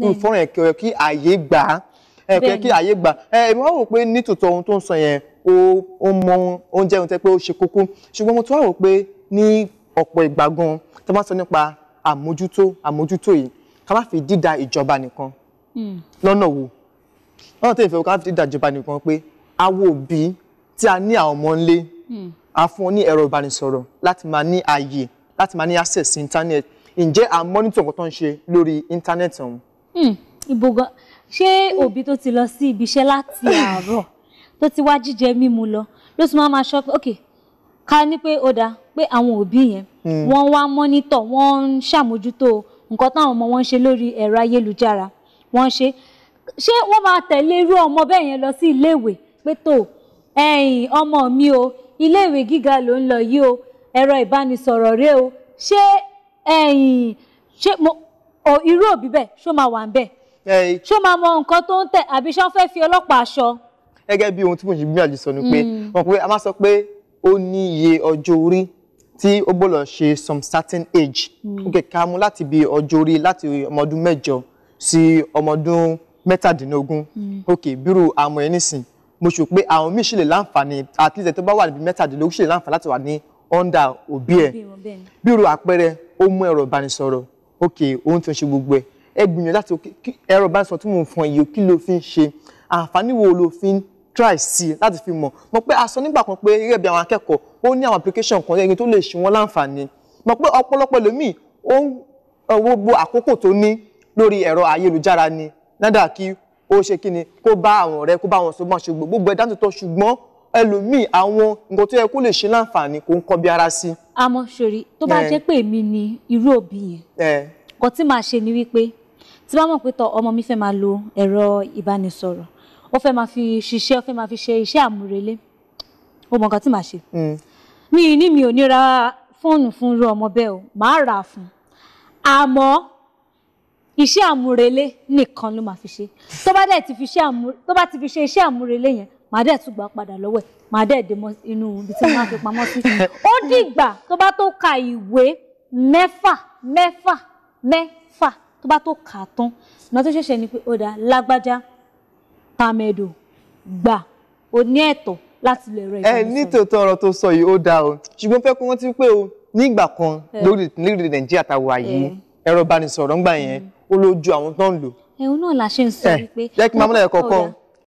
fọ́nrán yẹn kẹ́ kí ààyè gbà á kẹ́ kí ààyè gbà á ẹ̀ wọ́n rò pé nítòótọ́ ohun tó ń sọ yẹn ó mọ oúnjẹ ohun tẹ́ pé ó ṣe kókó ṣùgbọ́n mo tún rò pé ní ọ̀pọ̀ ìgbà gan tó bá sọ nípa àmójútó àmójútó yìí ká má fi dídá ìjọba nìkan hmm. lọ́nà wo lọ́nà tó ìfẹ́ ká fi dídá ìjọba nìkan pé àwọn òbí tí a ní àwọn ọmọ ńlé hmm. a fún ọ ní ẹ̀rọ ìbánisọ̀rọ̀ láti máa ní ààyè láti máa ní access sí internet ǹjẹ́ à ń monitor nǹkan tó ń ṣe lórí internet ọ̀hún. Hmm. ibo gan ṣé òbí tó ti lọ sí ibi iṣẹ́ láti àárọ̀ tó ti wá jíjẹ mímu lọ ló ti máa máa ṣọ́ pé ok ká ní pé ó dáa pé àwọn òbí yẹn hmm. wọ́n wá mọ́nítọ̀ wọ́n ń ṣàmójútó nǹkan táwọn ọmọ wọn ń ṣe lórí ẹ̀rọ ayélujára wọ́n ń ṣe ṣé wọ́n máa tẹ̀lé irú ọmọ bẹ́ẹ̀ yẹn lọ sí iléèwé pé tó ẹ̀yìn ọmọ mi o iléèwé gíga ló ń lọ yìí o ẹ̀rọ ìbánisọ̀rọ̀ rẹ o ṣé ẹ̀yìn ṣé mo irú òbí bẹ́ẹ̀ ṣó máa wà ń bẹ̀ ṣó máa mọ nǹkan tó ń tẹ̀ àbí ṣó fẹ́ fi ọlọ́pàá aṣọ. gẹ́gẹ́ bí ohun tí mo ṣe gbìyànjú sọ ni pé wọ́n hmm. pe a máa sọ pé ó ní iye ọjọ́ orí tí ó gbọ́dọ̀ ṣe some certain age ó hmm. kẹ̀ ká mú láti bí ọjọ́ orí láti ọmọ ọdún mẹ́jọ sí ọmọ ọdún mẹ́tàdínlógún hmm. ok bírú àmọ́ ẹ nísìn mo ṣò pé àwọn míì ṣì lè láǹfààní at least tó bá wà níbi mẹ́tàdínlógún ṣì lè láǹfààní láti wà ní under òbí ẹ bírú àpẹẹrẹ ó mú ẹ̀rọ ìbánisọ̀rọ̀ ok òun ti ń ṣe gbogbo ẹ ẹ gbìyànjú láti ẹ̀rọ bá ń sọ tí mò ń fọn iye kí ló fi ń ṣe àǹfààní wo ló fi ń try sí láti fi mọ̀ mọ̀ pé a sọ nígbà kan pé gẹ́gẹ́ bí àwọn akẹ́kọ̀ọ́ ó ní àwọn application kan ẹni tó lè ṣe wọn láǹfààní mọ̀ pé ọ̀pọ̀lọpọ̀ lèmi ó ń gbogbo àkókò tó ní lórí ẹ̀rọ ayélujára ni nádà kí ó ṣe kí ni kó bá àwọn ọ̀rẹ́ kó bá àwọn sọ máa ṣe gbogbo ẹ̀ dáńtò tó ṣùgbọ́n ẹlòmíì àwọn nǹkan tó yẹ kó lè ṣe láǹfààní kò ń kọ bí ara sí. àmọ́ sori tó bá jẹ́ pé èmi ni irú òbí yẹn nǹkan tí màá ṣe ni wípé tí bá mọ̀ pé tọ ọmọ mi fẹ́ máa lo ẹ̀rọ ìbánisọ̀rọ̀ ó fẹ́ máa fi ṣiṣẹ́ ó fẹ́ máa fi ṣe iṣẹ́ àmúrelé ó mọ nǹkan tí màá ṣe. Mm. mi ní mi ò ní ra fóònù fún irú ọmọ bẹ́ẹ̀ o màá rà á fún àmọ́ iṣẹ́ àmúrelé nìkan ló máa fi ṣe tó bá ti fi ṣe iṣẹ́ àmúrelé yẹn màá dẹ̀ tún gbà padà lọ́wọ́ ẹ̀ màá dẹ̀ dé inú ibi tí wọ́n á fi pamọ́ sí. ó dìgbà tó bá tó ka ìwé mẹ́fà mẹ́fà mẹ́fà tó bá tó kà á tán ìná tó ṣẹ̀ṣẹ̀ ni pé ó dá lágbájá pàmẹ́dò gbà ó ní ẹ̀tọ́ láti lè rẹ̀ ìgbà. ẹ ní tòótọ́ ọ̀rọ̀ tó sọ yìí ó dáa o ṣùgbọ́n fẹ́ kó wọ́n ti pé o nígbà kan lórílẹ̀ nàìjíríà táwa yìí ẹ̀rọ ìbánisọ̀rọ̀ ńgbà yẹn ó lójú àwọn tó ń lò. ẹ̀hún náà la ṣe ń sọ wípé. jẹ́ kí mamúlẹ̀ kọ̀ọ̀kan